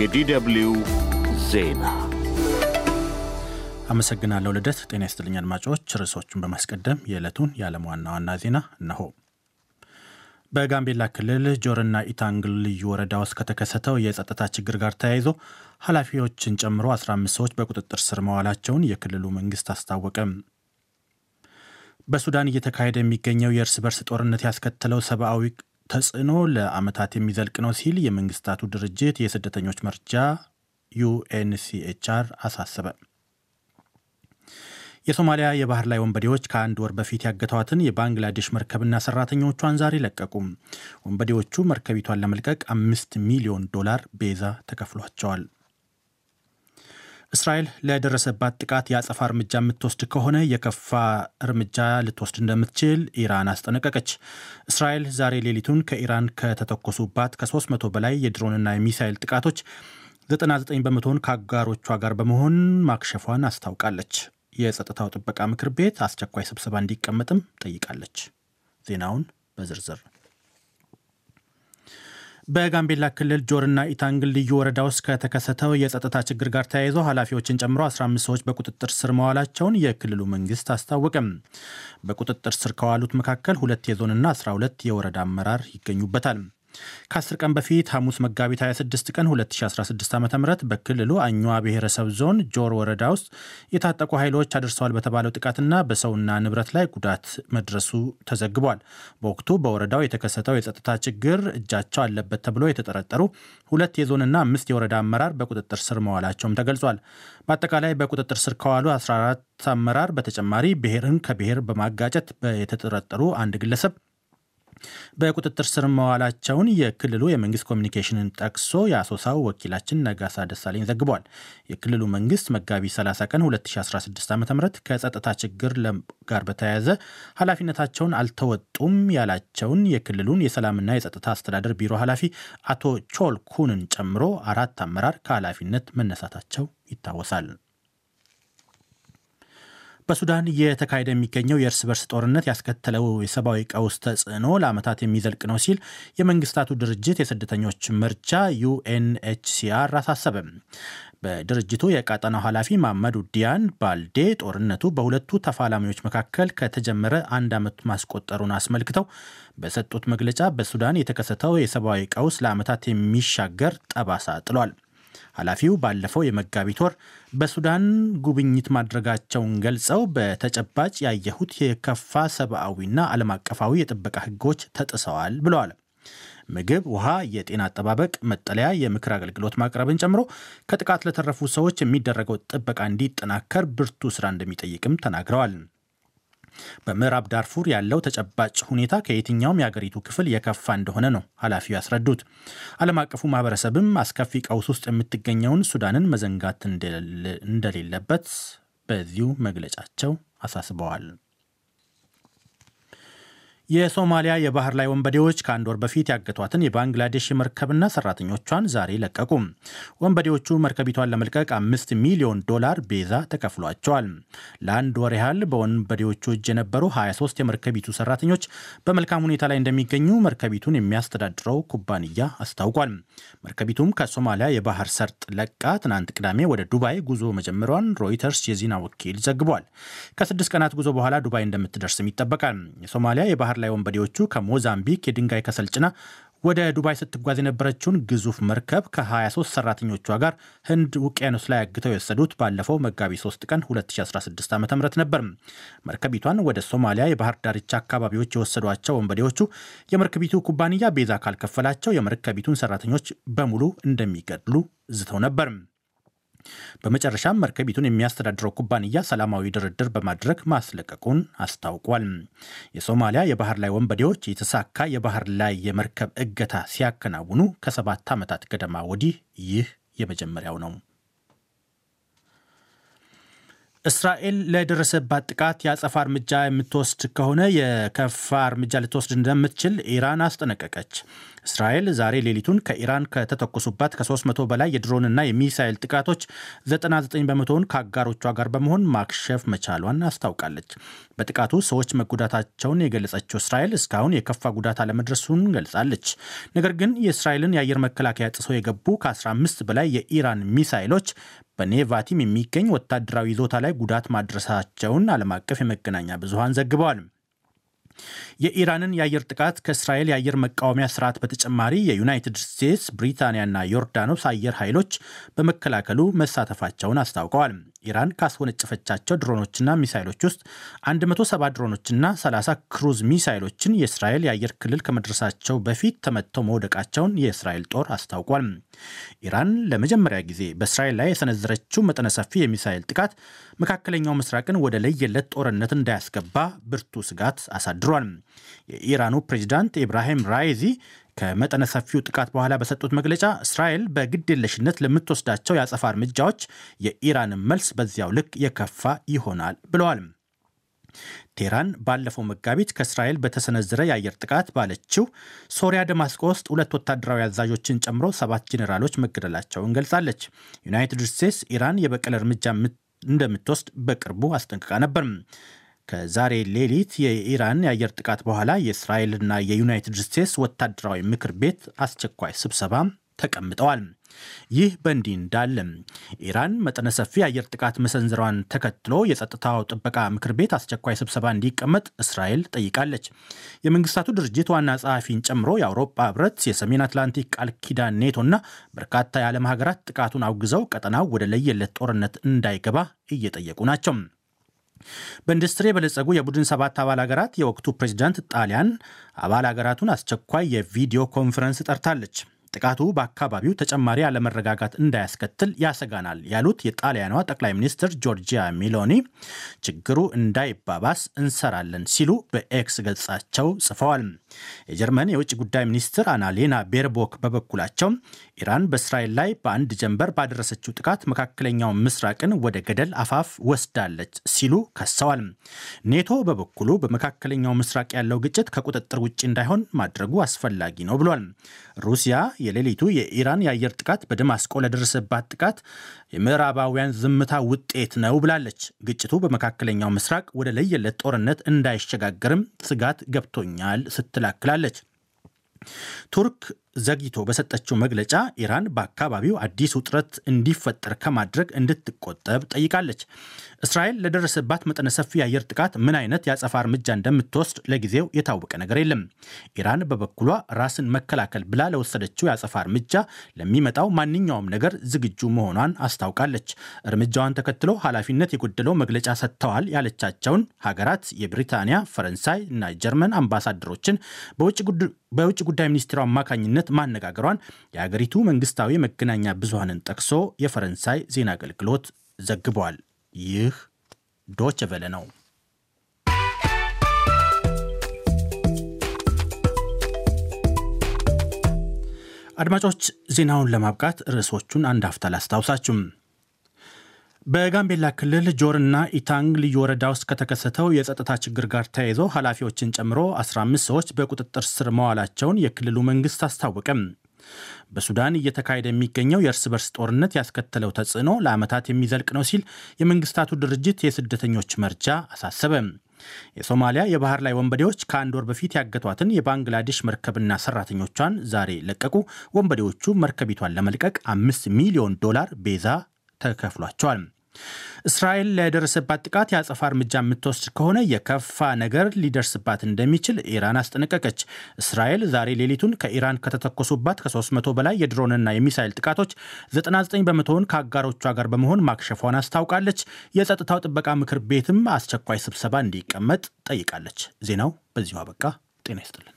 የዲደብልዩ ዜና አመሰግናለሁ ልደት። ጤና ይስጥልኝ አድማጮች። ርዕሶቹን በማስቀደም የዕለቱን የዓለም ዋና ዋና ዜና እነሆ። በጋምቤላ ክልል ጆርና ኢታንግል ልዩ ወረዳ ውስጥ ከተከሰተው የጸጥታ ችግር ጋር ተያይዞ ኃላፊዎችን ጨምሮ 15 ሰዎች በቁጥጥር ስር መዋላቸውን የክልሉ መንግስት አስታወቀ። በሱዳን እየተካሄደ የሚገኘው የእርስ በርስ ጦርነት ያስከተለው ሰብአዊ ተጽዕኖ ለዓመታት የሚዘልቅ ነው ሲል የመንግስታቱ ድርጅት የስደተኞች መርጃ ዩኤንሲኤችአር አሳሰበ። የሶማሊያ የባህር ላይ ወንበዴዎች ከአንድ ወር በፊት ያገቷትን የባንግላዴሽ መርከብና ሰራተኞቿን ዛሬ ለቀቁ። ወንበዴዎቹ መርከቢቷን ለመልቀቅ አምስት ሚሊዮን ዶላር ቤዛ ተከፍሏቸዋል። እስራኤል ለደረሰባት ጥቃት የአጸፋ እርምጃ የምትወስድ ከሆነ የከፋ እርምጃ ልትወስድ እንደምትችል ኢራን አስጠነቀቀች። እስራኤል ዛሬ ሌሊቱን ከኢራን ከተተኮሱባት ከ300 በላይ የድሮንና የሚሳይል ጥቃቶች 99 በመቶውን ከአጋሮቿ ጋር በመሆን ማክሸፏን አስታውቃለች። የጸጥታው ጥበቃ ምክር ቤት አስቸኳይ ስብሰባ እንዲቀመጥም ጠይቃለች። ዜናውን በዝርዝር በጋምቤላ ክልል ጆርና ኢታንግል ልዩ ወረዳ ውስጥ ከተከሰተው የጸጥታ ችግር ጋር ተያይዞ ኃላፊዎችን ጨምሮ 15 ሰዎች በቁጥጥር ስር መዋላቸውን የክልሉ መንግስት አስታወቀም። በቁጥጥር ስር ከዋሉት መካከል ሁለት የዞንና 12 የወረዳ አመራር ይገኙበታል። ከአስር ቀን በፊት ሐሙስ መጋቢት 26 ቀን 2016 ዓ ም በክልሉ አኛዋ ብሔረሰብ ዞን ጆር ወረዳ ውስጥ የታጠቁ ኃይሎች አድርሰዋል በተባለው ጥቃትና በሰውና ንብረት ላይ ጉዳት መድረሱ ተዘግቧል። በወቅቱ በወረዳው የተከሰተው የጸጥታ ችግር እጃቸው አለበት ተብሎ የተጠረጠሩ ሁለት የዞንና አምስት የወረዳ አመራር በቁጥጥር ስር መዋላቸውም ተገልጿል። በአጠቃላይ በቁጥጥር ስር ከዋሉ 14 አመራር በተጨማሪ ብሔርን ከብሔር በማጋጨት የተጠረጠሩ አንድ ግለሰብ በቁጥጥር ስር መዋላቸውን የክልሉ የመንግስት ኮሚኒኬሽንን ጠቅሶ የአሶሳው ወኪላችን ነጋሳ ደሳለኝ ዘግቧል። የክልሉ መንግስት መጋቢ 30 ቀን 2016 ዓ ም ከጸጥታ ችግር ጋር በተያያዘ ኃላፊነታቸውን አልተወጡም ያላቸውን የክልሉን የሰላምና የጸጥታ አስተዳደር ቢሮ ኃላፊ አቶ ቾል ኩንን ጨምሮ አራት አመራር ከኃላፊነት መነሳታቸው ይታወሳል። በሱዳን እየተካሄደ የሚገኘው የእርስ በርስ ጦርነት ያስከተለው የሰብአዊ ቀውስ ተጽዕኖ ለዓመታት የሚዘልቅ ነው ሲል የመንግስታቱ ድርጅት የስደተኞች መርጃ ዩኤንኤችሲአር አሳሰበ። በድርጅቱ የቀጠናው ኃላፊ ማመድ ዲያን ባልዴ ጦርነቱ በሁለቱ ተፋላሚዎች መካከል ከተጀመረ አንድ ዓመት ማስቆጠሩን አስመልክተው በሰጡት መግለጫ በሱዳን የተከሰተው የሰብአዊ ቀውስ ለዓመታት የሚሻገር ጠባሳ ጥሏል። ኃላፊው ባለፈው የመጋቢት ወር በሱዳን ጉብኝት ማድረጋቸውን ገልጸው በተጨባጭ ያየሁት የከፋ ሰብአዊና ዓለም አቀፋዊ የጥበቃ ሕጎች ተጥሰዋል ብለዋል። ምግብ፣ ውሃ፣ የጤና አጠባበቅ፣ መጠለያ፣ የምክር አገልግሎት ማቅረብን ጨምሮ ከጥቃት ለተረፉ ሰዎች የሚደረገው ጥበቃ እንዲጠናከር ብርቱ ስራ እንደሚጠይቅም ተናግረዋል። በምዕራብ ዳርፉር ያለው ተጨባጭ ሁኔታ ከየትኛውም የአገሪቱ ክፍል የከፋ እንደሆነ ነው ኃላፊው ያስረዱት። ዓለም አቀፉ ማህበረሰብም አስከፊ ቀውስ ውስጥ የምትገኘውን ሱዳንን መዘንጋት እንደሌለበት በዚሁ መግለጫቸው አሳስበዋል። የሶማሊያ የባህር ላይ ወንበዴዎች ከአንድ ወር በፊት ያገቷትን የባንግላዴሽ መርከብና ሰራተኞቿን ዛሬ ለቀቁ። ወንበዴዎቹ መርከቢቷን ለመልቀቅ አምስት ሚሊዮን ዶላር ቤዛ ተከፍሏቸዋል። ለአንድ ወር ያህል በወንበዴዎቹ እጅ የነበሩ 23 የመርከቢቱ ሰራተኞች በመልካም ሁኔታ ላይ እንደሚገኙ መርከቢቱን የሚያስተዳድረው ኩባንያ አስታውቋል። መርከቢቱም ከሶማሊያ የባህር ሰርጥ ለቃ ትናንት ቅዳሜ ወደ ዱባይ ጉዞ መጀመሯን ሮይተርስ የዜና ወኪል ዘግቧል። ከስድስት ቀናት ጉዞ በኋላ ዱባይ እንደምትደርስም ይጠበቃል። የሶማሊያ የባህር ላይ ወንበዴዎቹ ከሞዛምቢክ የድንጋይ ከሰል ጭና ወደ ዱባይ ስትጓዝ የነበረችውን ግዙፍ መርከብ ከ23 ሰራተኞቿ ጋር ህንድ ውቅያኖስ ላይ አግተው የወሰዱት ባለፈው መጋቢ 3 ቀን 2016 ዓ ም ነበር። መርከቢቷን ወደ ሶማሊያ የባህር ዳርቻ አካባቢዎች የወሰዷቸው ወንበዴዎቹ የመርከቢቱ ኩባንያ ቤዛ ካልከፈላቸው የመርከቢቱን ሰራተኞች በሙሉ እንደሚገድሉ ዝተው ነበር። በመጨረሻም መርከቢቱን የሚያስተዳድረው ኩባንያ ሰላማዊ ድርድር በማድረግ ማስለቀቁን አስታውቋል። የሶማሊያ የባህር ላይ ወንበዴዎች የተሳካ የባህር ላይ የመርከብ እገታ ሲያከናውኑ ከሰባት ዓመታት ገደማ ወዲህ ይህ የመጀመሪያው ነው። እስራኤል ለደረሰባት ጥቃት የአጸፋ እርምጃ የምትወስድ ከሆነ የከፋ እርምጃ ልትወስድ እንደምትችል ኢራን አስጠነቀቀች። እስራኤል ዛሬ ሌሊቱን ከኢራን ከተተኮሱባት ከ300 በላይ የድሮንና የሚሳይል ጥቃቶች 99 በመቶውን ከአጋሮቿ ጋር በመሆን ማክሸፍ መቻሏን አስታውቃለች። በጥቃቱ ሰዎች መጎዳታቸውን የገለጸችው እስራኤል እስካሁን የከፋ ጉዳት አለመድረሱን ገልጻለች። ነገር ግን የእስራኤልን የአየር መከላከያ ጥሰው የገቡ ከ15 በላይ የኢራን ሚሳይሎች በኔቫቲም የሚገኝ ወታደራዊ ይዞታ ላይ ጉዳት ማድረሳቸውን ዓለም አቀፍ የመገናኛ ብዙሃን ዘግበዋል። የኢራንን የአየር ጥቃት ከእስራኤል የአየር መቃወሚያ ስርዓት በተጨማሪ የዩናይትድ ስቴትስ፣ ብሪታንያና ዮርዳኖስ አየር ኃይሎች በመከላከሉ መሳተፋቸውን አስታውቀዋል። ኢራን ካስወነጨፈቻቸው ድሮኖችና ሚሳይሎች ውስጥ 170 ድሮኖችና 30 ክሩዝ ሚሳይሎችን የእስራኤል የአየር ክልል ከመድረሳቸው በፊት ተመተው መውደቃቸውን የእስራኤል ጦር አስታውቋል። ኢራን ለመጀመሪያ ጊዜ በእስራኤል ላይ የሰነዘረችው መጠነ ሰፊ የሚሳይል ጥቃት መካከለኛው ምስራቅን ወደ ለየለት ጦርነት እንዳያስገባ ብርቱ ስጋት አሳድሯል። የኢራኑ ፕሬዚዳንት ኢብራሂም ራይዚ ከመጠነ ሰፊው ጥቃት በኋላ በሰጡት መግለጫ እስራኤል በግዴለሽነት ለምትወስዳቸው የአጸፋ እርምጃዎች የኢራንን መልስ በዚያው ልክ የከፋ ይሆናል ብለዋል። ቴህራን ባለፈው መጋቢት ከእስራኤል በተሰነዘረ የአየር ጥቃት ባለችው ሶሪያ ደማስቆ ውስጥ ሁለት ወታደራዊ አዛዦችን ጨምሮ ሰባት ጄኔራሎች መገደላቸውን ገልጻለች። ዩናይትድ ስቴትስ ኢራን የበቀል እርምጃ እንደምትወስድ በቅርቡ አስጠንቅቃ ነበር። ከዛሬ ሌሊት የኢራን የአየር ጥቃት በኋላ የእስራኤልና የዩናይትድ ስቴትስ ወታደራዊ ምክር ቤት አስቸኳይ ስብሰባ ተቀምጠዋል። ይህ በእንዲህ እንዳለም ኢራን መጠነ ሰፊ የአየር ጥቃት መሰንዘሯን ተከትሎ የጸጥታው ጥበቃ ምክር ቤት አስቸኳይ ስብሰባ እንዲቀመጥ እስራኤል ጠይቃለች። የመንግስታቱ ድርጅት ዋና ጸሐፊን ጨምሮ የአውሮፓ ህብረት፣ የሰሜን አትላንቲክ ቃል ኪዳን ኔቶና በርካታ የዓለም ሀገራት ጥቃቱን አውግዘው ቀጠናው ወደ ለየለት ጦርነት እንዳይገባ እየጠየቁ ናቸው። በኢንዱስትሪ የበለጸጉ የቡድን ሰባት አባል ሀገራት የወቅቱ ፕሬዚዳንት ጣሊያን አባል ሀገራቱን አስቸኳይ የቪዲዮ ኮንፈረንስ ጠርታለች። ጥቃቱ በአካባቢው ተጨማሪ አለመረጋጋት እንዳያስከትል ያሰጋናል ያሉት የጣሊያኗ ጠቅላይ ሚኒስትር ጆርጂያ ሚሎኒ ችግሩ እንዳይባባስ እንሰራለን ሲሉ በኤክስ ገጻቸው ጽፈዋል። የጀርመን የውጭ ጉዳይ ሚኒስትር አናሌና ቤርቦክ በበኩላቸው ኢራን በእስራኤል ላይ በአንድ ጀንበር ባደረሰችው ጥቃት መካከለኛው ምስራቅን ወደ ገደል አፋፍ ወስዳለች ሲሉ ከሰዋል። ኔቶ በበኩሉ በመካከለኛው ምስራቅ ያለው ግጭት ከቁጥጥር ውጭ እንዳይሆን ማድረጉ አስፈላጊ ነው ብሏል። ሩሲያ የሌሊቱ የኢራን የአየር ጥቃት በደማስቆ ለደረሰባት ጥቃት የምዕራባውያን ዝምታ ውጤት ነው ብላለች። ግጭቱ በመካከለኛው ምስራቅ ወደ ለየለት ጦርነት እንዳይሸጋገርም ስጋት ገብቶኛል ስትላክላለች። ቱርክ ዘግይቶ በሰጠችው መግለጫ ኢራን በአካባቢው አዲስ ውጥረት እንዲፈጠር ከማድረግ እንድትቆጠብ ጠይቃለች። እስራኤል ለደረሰባት መጠነ ሰፊ የአየር ጥቃት ምን አይነት የአጸፋ እርምጃ እንደምትወስድ ለጊዜው የታወቀ ነገር የለም። ኢራን በበኩሏ ራስን መከላከል ብላ ለወሰደችው የአጸፋ እርምጃ ለሚመጣው ማንኛውም ነገር ዝግጁ መሆኗን አስታውቃለች። እርምጃዋን ተከትሎ ኃላፊነት የጎደለው መግለጫ ሰጥተዋል ያለቻቸውን ሀገራት የብሪታንያ፣ ፈረንሳይ እና ጀርመን አምባሳደሮችን በውጭ ጉዳይ ሚኒስቴሯ አማካኝነት አማካኝነት ማነጋገሯን የአገሪቱ መንግስታዊ መገናኛ ብዙሃንን ጠቅሶ የፈረንሳይ ዜና አገልግሎት ዘግቧል። ይህ ዶች ቨለ ነው። አድማጮች ዜናውን ለማብቃት ርዕሶቹን አንድ አፍታ ላስታውሳችሁም። በጋምቤላ ክልል ጆርና ኢታንግ ልዩ ወረዳ ውስጥ ከተከሰተው የጸጥታ ችግር ጋር ተያይዞ ኃላፊዎችን ጨምሮ 15 ሰዎች በቁጥጥር ስር መዋላቸውን የክልሉ መንግስት አስታወቀም። በሱዳን እየተካሄደ የሚገኘው የእርስ በርስ ጦርነት ያስከተለው ተጽዕኖ ለዓመታት የሚዘልቅ ነው ሲል የመንግስታቱ ድርጅት የስደተኞች መርጃ አሳሰበ። የሶማሊያ የባህር ላይ ወንበዴዎች ከአንድ ወር በፊት ያገቷትን የባንግላዴሽ መርከብና ሰራተኞቿን ዛሬ ለቀቁ። ወንበዴዎቹ መርከቢቷን ለመልቀቅ አምስት ሚሊዮን ዶላር ቤዛ ተከፍሏቸዋል። እስራኤል ለደረሰባት ጥቃት የአጸፋ እርምጃ የምትወስድ ከሆነ የከፋ ነገር ሊደርስባት እንደሚችል ኢራን አስጠነቀቀች። እስራኤል ዛሬ ሌሊቱን ከኢራን ከተተኮሱባት ከ300 በላይ የድሮንና የሚሳይል ጥቃቶች 99 በመቶውን ከአጋሮቿ ጋር በመሆን ማክሸፏን አስታውቃለች። የጸጥታው ጥበቃ ምክር ቤትም አስቸኳይ ስብሰባ እንዲቀመጥ ጠይቃለች። ዜናው በዚሁ አበቃ። ጤና ይስጥልን።